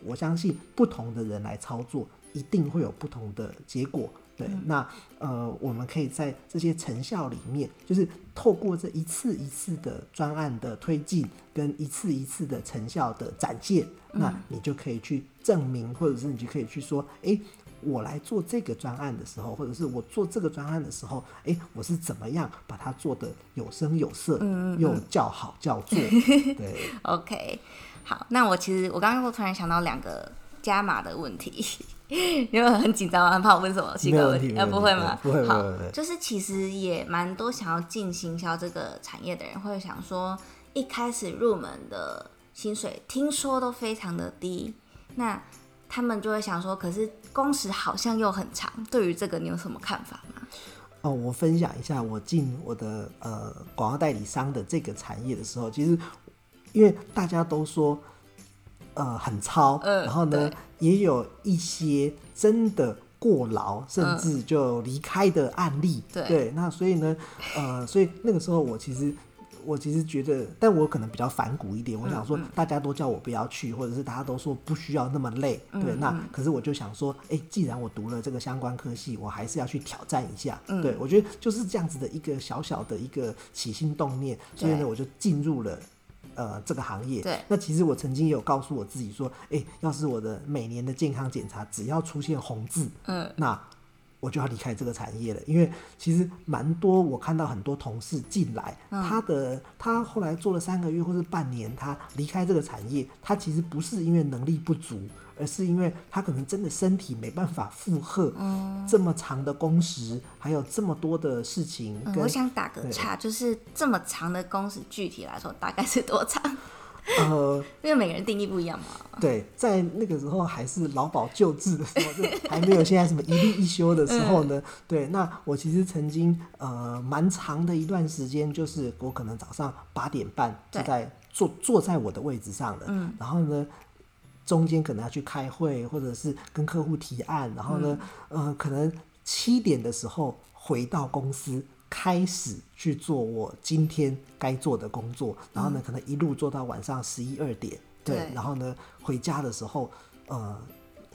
我相信不同的人來操作，一定會有不同的結果。對，那呃，我們可以在這些成效裡面，就是透過這一次一次的專案的推進，跟一次一次的成效的展現，那你就可以去證明，或者是你就可以去說，哎、欸，我來做這個專案的時候，或者是我做這個專案的時候，哎、欸，我是怎麼樣把它做的有聲有色，又叫好叫座嗯嗯嗯，對 ，OK，好，那我其實我剛剛我突然想到兩個加碼的問題。因為 很緊張，很怕我問什麼奇怪問題？呃、啊，不會嗎？不會，就是其實也蠻多想要進行銷這個產業的人，會想說，一開始入門的薪水聽說都非常的低，那他們就會想說，可是工時好像又很長。對於這個，你有什麼看法嗎？哦，我分享一下，我進我的呃廣告代理商的這個產業的時候，其實因為大家都說，呃，很操，然後呢，嗯、也有一些真的過勞，甚至就離開的案例。嗯、對，那所以呢，呃，所以那個時候我其實我其實覺得，但我可能比較反骨一點，我想說大家都叫我不要去，嗯嗯、或者是大家都說不需要那麼累。對，嗯、那可是我就想說，哎、欸，既然我讀了這個相關科系，我還是要去挑戰一下。嗯、對，我覺得就是這樣子的一個小小的一個起心動念，對所以呢，我就進入了，呃，這個行業，對那其實我曾經也有告訴我自己說，哎、欸，要是我的每年的健康檢查只要出現紅字，嗯，那我就要離開這個產業了，因為其實蠻多我看到很多同事進來，嗯、他的他後來做了三個月或是半年，他離開這個產業，他其實不是因為能力不足。而是因為他可能真的身體沒辦法負荷這麼長的工時，還有這麼多的事情、嗯。我想打個岔，對就是這麼長的工時，具體來說大概是多長？呃，因為每個人定義不一樣嘛。對，在那個時候還是勞保舊制的時候， 還沒有現在什麼一例一休的時候呢。 嗯、對，那我其實曾經呃蠻長的一段時間，就是我可能早上八點半就在對坐坐在我的位置上了，嗯，然後呢。中間可能要去開會，或者是跟客戶提案，然後呢，嗯、呃，可能七點的時候回到公司，開始去做我今天該做的工作，然後呢，可能一路做到晚上十一二點，嗯、對，對，然後呢，回家的時候，呃，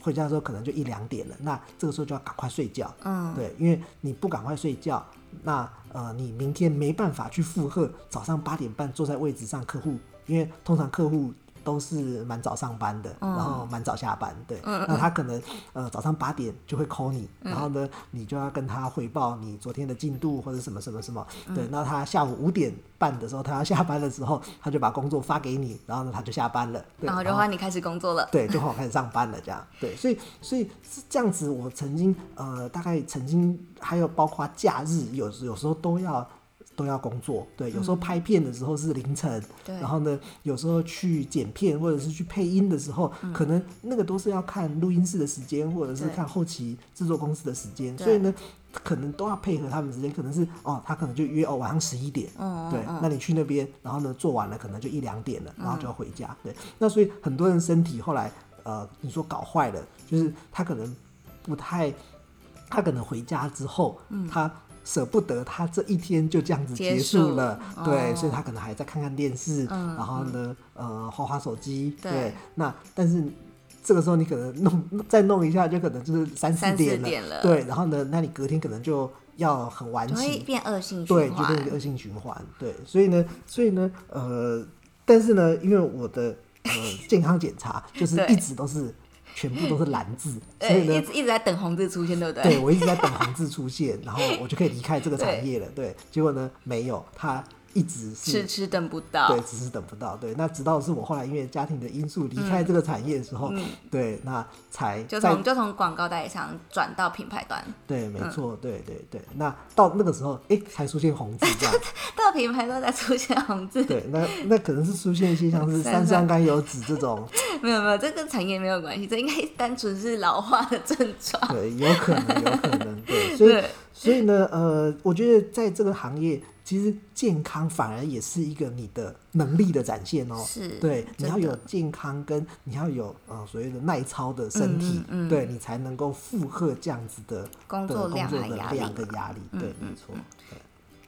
回家的時候可能就一兩點了，那這個時候就要趕快睡覺，嗯，對，因為你不趕快睡覺，那呃，你明天沒辦法去負荷早上八點半坐在位置上，客戶，因為通常客戶。都是蠻早上班的，哦、然後蠻早下班。對，嗯、那他可能呃早上八點就會 call 你，嗯、然後呢，你就要跟他回報你昨天的進度或者什麼什麼什麼。對，嗯、那他下午五點半的時候，他要下班的時候，他就把工作發給你，然後呢，他就下班了。對，然後的話，你開始工作了。對，就後開始上班了這樣。對，所以所以是這樣子。我曾經呃大概曾經還有包括假日有有時候都要。都要工作，對，有時候拍片的時候是凌晨，嗯、對，然後呢，有時候去剪片或者是去配音的時候，嗯、可能那個都是要看錄音室的時間，或者是看後期製作公司的時間，對所以呢，可能都要配合他們時間，可能是哦，他可能就約哦晚上十一點，嗯、哦啊啊啊，對，那你去那邊，然後呢做完了可能就一兩點了，然後就要回家，嗯、對，那所以很多人身體後來呃，你說搞壞了，就是他可能不太，他可能回家之後，嗯、他。捨不得他這一天就這樣子結束了，束哦、對，所以他可能還在看看電視，嗯、然後呢，嗯、呃，滑滑手機，對。對那但是這個時候你可能弄再弄一下，就可能就是三四點了，點了對。然後呢，那你隔天可能就要很晚起，變惡性循對，就變成惡性循環，對。所以呢，所以呢，呃，但是呢，因為我的呃健康檢查就是一直都是。 全部都是藍字，欸、所以呢，一直一直在等紅字出現，對不對？對，我一直在等紅字出現， 然後我就可以離開這個產業了。對，對，結果呢，沒有他。一直是遲遲等不到，對，遲遲等不到，對。那直到是我後來因為家庭的因素離開這個產業的時候，嗯嗯、對，那才就從就從廣告代理商轉到品牌端，對，沒錯，嗯、對對對。那到那個時候，哎，才出現紅字，這樣 到品牌端才出現紅字，對，那那可能是出現一些像是三酸甘油酯這種，這種沒有沒有，這跟產業沒有關係，這應該單純是老化的症狀，對，有可能，有可能， 對，所以對所以呢，呃，我覺得在這個行業。其實健康反而也是一個你的能力的展現哦、喔是，是對，你要有健康跟的你要有呃所謂的耐操的身體，嗯嗯嗯，對，你才能夠負荷這樣子的、嗯、工作量和量的壓力，對，沒錯。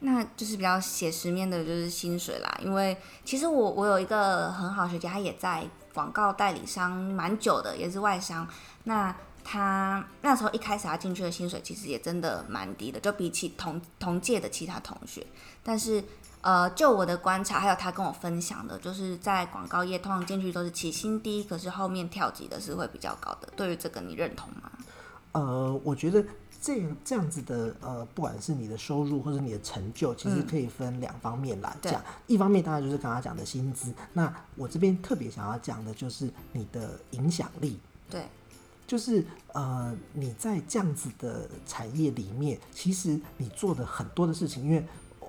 那就是比較寫實面的，就是薪水啦。因為其實我我有一個很好的學姐，她也在廣告代理商蠻久的，也是外商。那他那時候一開始他進去的薪水其實也真的蠻低的，就比起同同屆的其他同學。但是，呃，就我的觀察，還有他跟我分享的，就是在廣告業通常進去都是起薪低，可是後面跳級的是會比較高的。對於這個，你認同嗎？呃，我覺得這這樣子的，呃，不管是你的收入或者你的成就，其實可以分兩方面來講。嗯，一方面，當然就是剛剛講的薪資。那我這邊特別想要講的就是你的影響力。對。就是呃，你在這樣子的產業裡面，其實你做的很多的事情，因為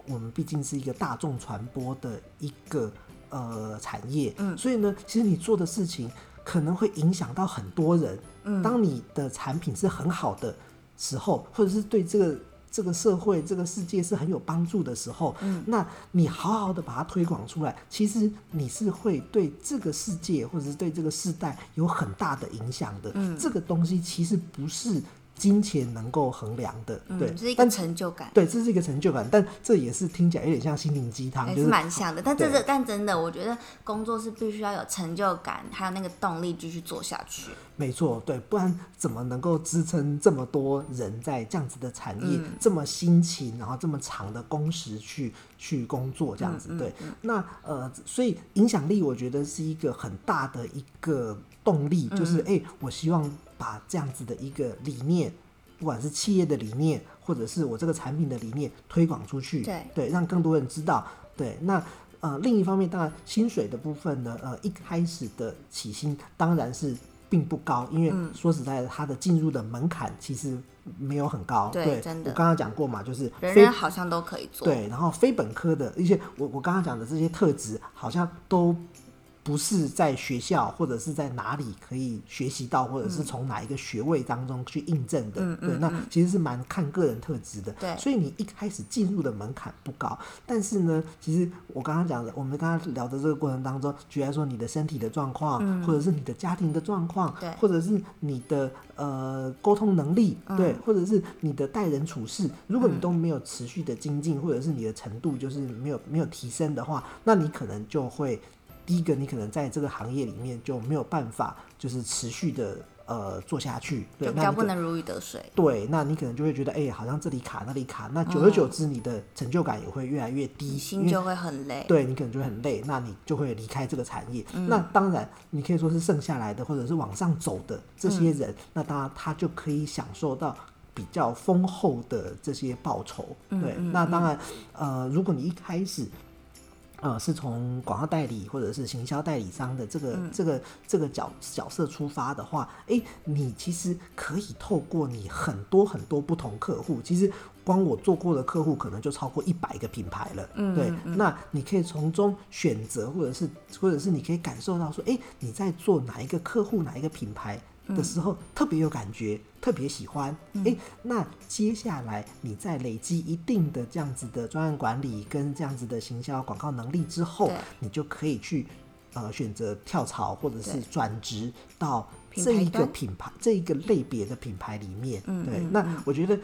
我們畢竟是一個大眾傳播的一個呃產業，嗯，所以呢，其實你做的事情可能會影響到很多人，嗯，當你的產品是很好的時候，或者是對這個，這個社會、這個世界是很有幫助的時候，嗯，那你好好的把它推廣出來，其實你是會對這個世界或者是對這個世代有很大的影響的。嗯，這個東西其實不是。金錢能夠衡量的，對，這、嗯、是一個成就感，對，這是一個成就感，但這也是聽起來有點像心靈雞湯，就是蠻像的。就是、但這是、個、對，但真的，我覺得工作是必須要有成就感，還有那個動力繼續做下去。嗯、沒錯，對，不然怎麼能夠支撐這麼多人在這樣子的產業、嗯、這麼辛勤，然後這麼長的工時去去工作這樣子？嗯嗯、對，那呃，所以影響力我覺得是一個很大的一個動力，嗯、就是哎、欸，我希望。把這樣子的一個理念，不管是企業的理念，或者是我這個產品的理念推廣出去，對，對，讓更多人知道。對，那呃，另一方面，當然薪水的部分呢，呃，一開始的起薪當然是並不高，因為說實在的，嗯、它的進入的門檻其實沒有很高。對，對真的，我剛剛講過嘛，就是非人，人好像都可以做。對，然後非本科的一些，我我剛剛講的這些特質好像都。不是在學校或者是在哪裡可以學習到，或者是從哪一個學位當中去印證的。嗯、對，那其實是蠻看個人特質的。對、嗯。嗯、所以你一開始進入的門檻不高，對但是呢，其實我剛剛講的，我們剛剛聊的這個過程當中，舉例來說你的身體的狀況，嗯、或者是你的家庭的狀況，對，或者是你的呃溝通能力，嗯、對，或者是你的待人處事，嗯、如果你都沒有持續的精進，或者是你的程度就是沒有沒有提升的話，那你可能就會。第一個，你可能在這個行業裡面就沒有辦法，就是持續的呃做下去，對，就比較不能如魚得水。對，那你可能就會覺得，哎、欸，好像這裡卡那裡卡，那久而久之，你的成就感也會越來越低，嗯、因為，你心就會很累。對，你可能就會很累，嗯、那你就會離開這個產業。嗯、那當然，你可以說是剩下來的，或者是往上走的這些人，嗯、那當然他就可以享受到比較豐厚的這些報酬。對，嗯嗯嗯，那當然，呃，如果你一開始。呃，是從廣告代理或者是行銷代理商的這個、嗯、這個這個角角色出發的話，哎、欸，你其實可以透過你很多很多不同客戶，其實光我做過的客戶可能就超過一百個品牌了，嗯，對，嗯、那你可以從中選擇，或者是或者是你可以感受到說，哎、欸，你在做哪一個客戶哪一個品牌的時候特別有感覺，嗯、特別喜歡、嗯欸。那接下來你在累積一定的這樣子的專案管理跟這樣子的行銷廣告能力之後，對你就可以去呃選擇跳槽或者是轉職到這一個品牌，品牌，品牌這一個類別的品牌裡面。嗯、對，嗯、那我覺得。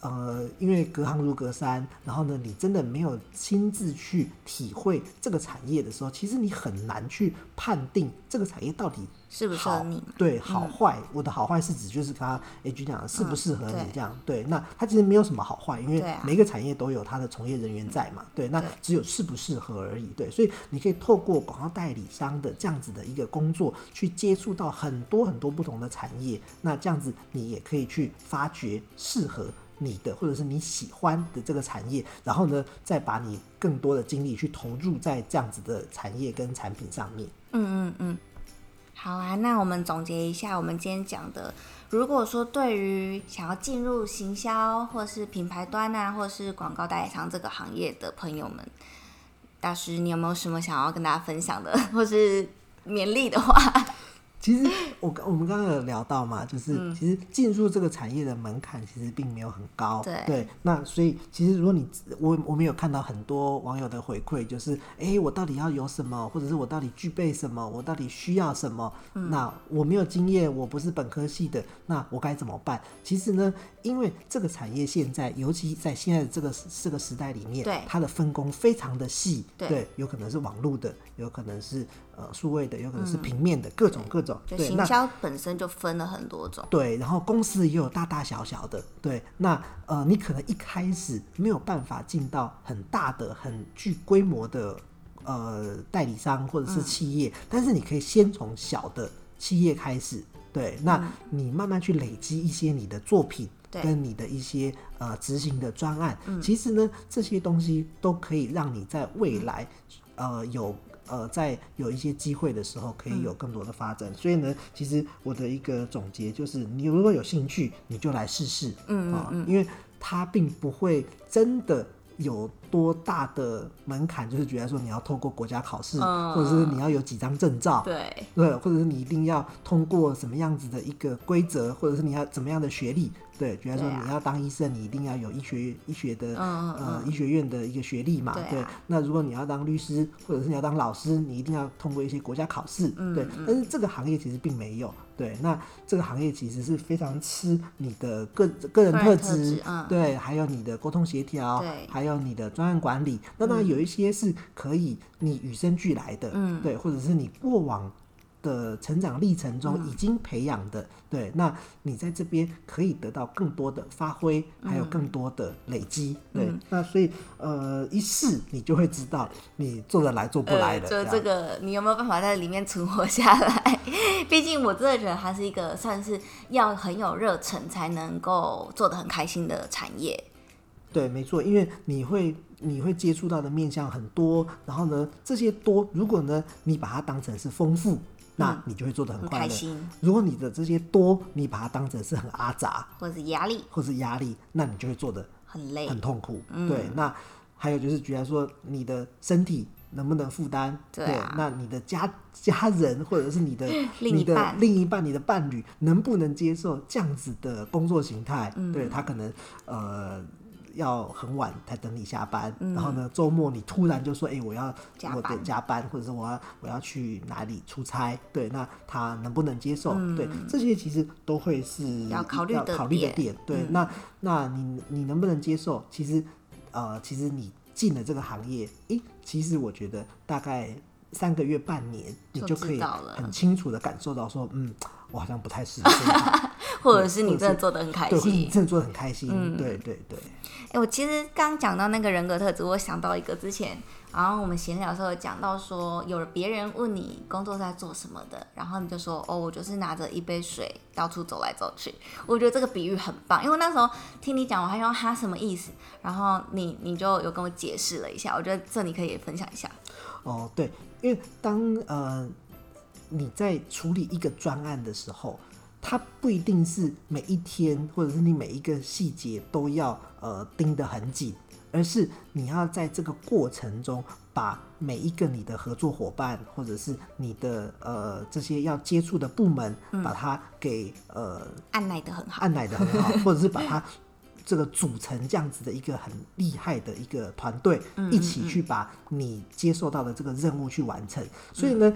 呃，因為隔行如隔山，然後呢，你真的沒有親自去體會這個產業的時候，其實你很難去判定這個產業到底好是不是適合你。對，好壞，嗯、我的好壞是指就是他哎，就、欸、講適不適合你這樣。嗯、對，對，那他其實沒有什麼好壞，因為每個產業都有它的從業人員在嘛。對，啊、對，那只有適不適合而已。對，對，對，所以你可以透過廣告代理商的這樣子的一個工作，去接觸到很多很多不同的產業。那這樣子，你也可以去發掘適合。你的或者是你喜歡的這個產業，然後呢，再把你更多的精力去投入在這樣子的產業跟產品上面。嗯嗯嗯。好啊，那我們總結一下我們今天講的。如果說對於想要進入行銷或是品牌端啊，或是廣告代理商這個行業的朋友們，大師，你有沒有什麼想要跟大家分享的，或是勉勵的話？ 其實我剛我們剛剛有聊到嘛，就是其實進入這個產業的門檻其實並沒有很高。對，對。那所以其實如果你我我們有看到很多網友的回饋，就是哎、欸，我到底要有什麼，或者是我到底具備什麼，我到底需要什麼？嗯。那我沒有經驗，我不是本科系的，那我該怎麼辦？其實呢，因為這個產業現在，尤其在現在的這個這個時代裡面，對，它的分工非常的細。對，對。有可能是網路的，有可能是。呃、數位的，有可能是平面的，嗯、各種各種，對，行銷本身就分了很多種，對。然後公司也有大大小小的，對。那呃，你可能一開始沒有辦法進到很大的、很具規模的呃代理商或者是企業，嗯，但是你可以先從小的企業開始，對。那、嗯、你慢慢去累積一些你的作品，跟你的一些對呃執行的專案，嗯、其實呢，這些東西都可以讓你在未來、嗯、呃有。呃，在有一些機會的時候，可以有更多的發展。嗯、所以呢，其實我的一個總結就是，你如果有興趣，你就來試試、呃嗯，嗯，啊，因為它並不會真的有多大的門檻，就是覺得說你要透過國家考試，嗯、或者是你要有幾張證照，對，對，或者是你一定要通過什麼樣子的一個規則，或者是你要怎麼樣的學歷。對，比如說你要當醫生，啊、你一定要有醫學醫學的、嗯、呃醫學院的一個學歷嘛。對，啊、對，那如果你要當律師或者是你要當老師，你一定要通過一些國家考試。嗯、對，但是這個行業其實並沒有。對，那這個行業其實是非常吃你的個個人特質，特質、對，嗯、還有你的溝通協調，對還有你的專案管理。那麼有一些是可以你與生俱來的，嗯、對，或者是你過往的成長歷程中已經培養的，嗯、對，那你在這邊可以得到更多的發揮，嗯、還有更多的累積，嗯、對，那所以呃，一試你就會知道你做得來做不來的，以、呃、這個這樣你有沒有辦法在裡面存活下來？ 畢竟我真的覺得它是一個算是要很有熱忱才能夠做得很開心的產業。對，沒錯，因為你會你會接觸到的面向很多，然後呢，這些多如果呢，你把它當成是豐富。那你就會做得很快樂。嗯、如果你的這些多，你把它當成是很阿雜，或者是壓力，或是壓力，那你就會做得很累、很痛苦。嗯、對，那還有就是舉例說，比如說你的身體能不能負擔？嗯對，啊、對，那你的家家人或者是你的 另一半、另一半、你的伴侶能不能接受這樣子的工作形態？嗯、對他可能呃。要很晚才等你下班，嗯，然後呢，週末你突然就說，誒，我要我得加班，或者是我要我要去哪裡出差，對，那他能不能接受？嗯，對，這些其實都會是要考慮的點。對，嗯，那那你你能不能接受？其實，呃，其實你進了這個行業，誒，其實我覺得大概三個月半年，你就可以很清楚地感受到說，嗯。我好像不太適合， 或者是你真的做的很開心，嗯、對你真的做的很開心，嗯，對對對。哎、欸，我其實剛講到那個人格特質，我想到一個之前，然後我們閒聊的時候講到說，有了別人問你工作在做什麼的，然後你就說，哦，我就是拿着一杯水到處走來走去。我覺得這個比喻很棒，因為那時候聽你講我還用哈什麼意思，然後你你就有跟我解釋了一下。我覺得這你可以分享一下。哦，對，因為當呃。你在處理一個專案的時候，它不一定是每一天，或者是你每一個細節都要呃盯得很緊，而是你要在這個過程中，把每一個你的合作夥伴，或者是你的呃這些要接觸的部門，嗯、把它給呃按捺得很好，按捺得很好， 或者是把它這個組成這樣子的一個很厲害的一個團隊，嗯嗯嗯一起去把你接受到的這個任務去完成。嗯、所以呢。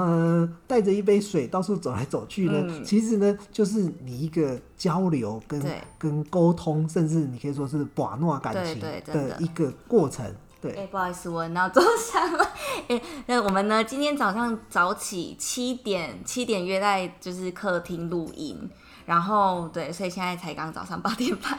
呃，帶着一杯水到處走來走去呢，嗯、其實呢，就是你一個交流，跟對跟溝通，甚至你可以說是寡諾感情的一個過程。對，對，對，欸，不好意思，我然後坐下了。哎、欸，那我們呢？今天早上早起七點，七點約在就是客廳錄音，然後對，所以現在才剛早上八點半。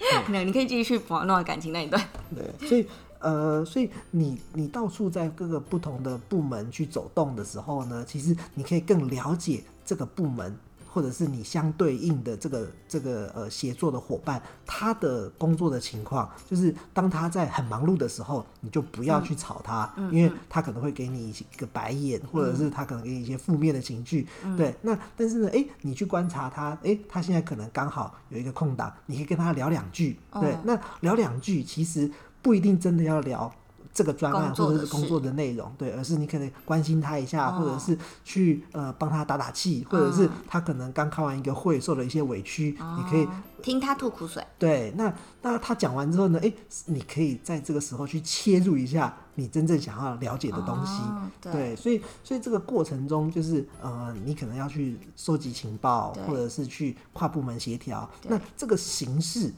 那 對你可以繼續寡諾感情那一段。對，所以。呃，所以你你到處在各個不同的部門去走動的時候呢，其實你可以更了解這個部門，或者是你相對應的這個這個呃協作的夥伴他的工作的情況。就是當他在很忙碌的時候，你就不要去吵他，嗯、因為他可能會給你一個白眼，嗯、或者是他可能給你一些負面的情緒。嗯、對，那但是呢，哎、欸，你去觀察他，哎、欸，他現在可能剛好有一個空檔，你可以跟他聊兩句。哦、對，那聊兩句其實。不一定真的要聊這個專案或者是工作的內容，對，而是你可能關心他一下，哦、或者是去呃幫他打打氣，哦、或者是他可能剛開完一個會，受了一些委屈，哦、你可以聽他吐苦水。對，那那他講完之後呢？誒、欸，你可以在這個時候去切入一下你真正想要了解的東西。哦、對，對，所以所以這個過程中就是呃，你可能要去收集情報，對 或者是去跨部門協調。對 那這個形式。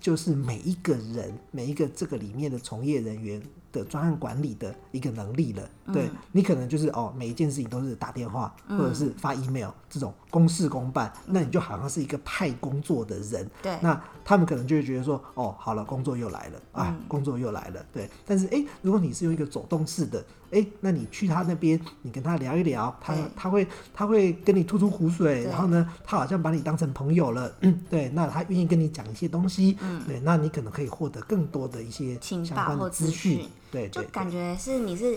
就是每一個人，每一個這個裡面的從業人員的專案管理的一個能力了，嗯、對你可能就是哦，每一件事情都是打電話或者是發 email、嗯、這種公事公辦，嗯、那你就好像是一個派工作的人。對，那他們可能就會覺得說，哦，好了，工作又來了啊，嗯、工作又來了。對，但是哎、欸，如果你是用一個走動式的，哎、欸，那你去他那邊，你跟他聊一聊，他對他會他會跟你吐出湖水，對然後呢，他好像把你當成朋友了，嗯、對，那他願意跟你講一些東西，嗯、對，那你可能可以獲得更多的一些相關的資訊。對，對，就感覺是你是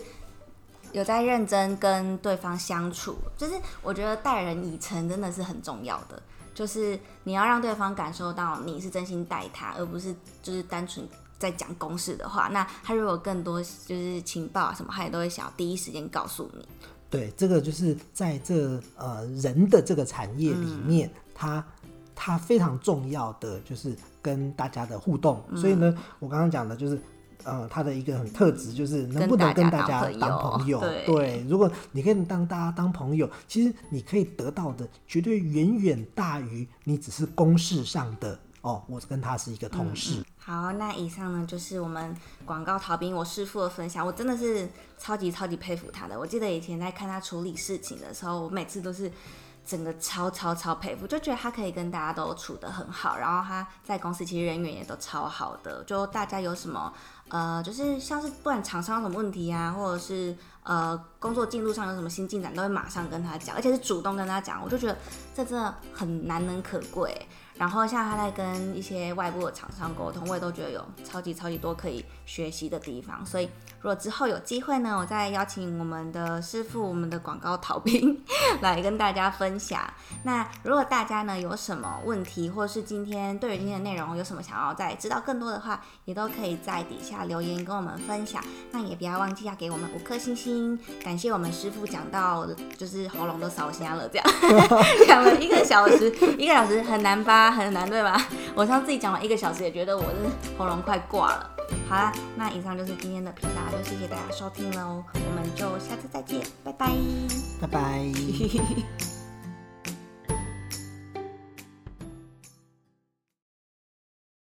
有在認真跟對方相處，就是我覺得待人以誠真的是很重要的，就是你要讓對方感受到你是真心待他，而不是就是單純在講公事的話，那他如果更多就是情報啊什麼，他也都會想要第一時間告訴你。對，這個就是在這呃人的這個產業裡面，他他、嗯、非常重要的就是跟大家的互動，嗯、所以呢，我剛剛講的就是。呃，他的一個很特質就是能不能、嗯、跟大家當朋友？朋友對，對，如果你可以當大家當朋友，其實你可以得到的絕對遠遠大於你只是公事上的哦。我跟他是一個同事。嗯嗯、好，那以上呢就是我們廣告逃兵我師傅的分享，我真的是超級超級佩服他的。我記得以前在看他處理事情的時候，我每次都是整個超超超佩服，就覺得他可以跟大家都處得很好，然後他在公司其實人緣也都超好的，就大家有什麼。呃，就是像是不管廠商有什麼問題啊，或者是呃工作進度上有什麼新進展，都會馬上跟他講，而且是主動跟他講。我就覺得這真的很難能可貴。然後像他在跟一些外部的廠商溝通，我也都覺得有超級超級多可以學習的地方，所以。如果之後有機會呢，我再邀請我們的師傅，我們的廣告逃兵來跟大家分享。那如果大家呢有什麼問題，或是今天對於今天的內容有什麼想要再知道更多的話，也都可以在底下留言跟我們分享。那也不要忘記要給我們五顆星星，感謝我們師傅講到就是喉嚨都沙啞了這樣，講 了一個小時， 一個小時很難吧，很難對吧？我上次自己講了一個小時，也覺得我是喉嚨快掛了。好啦，那以上就是今天的頻道。謝謝大家收聽嘍，我們就下次再見，拜拜，拜拜。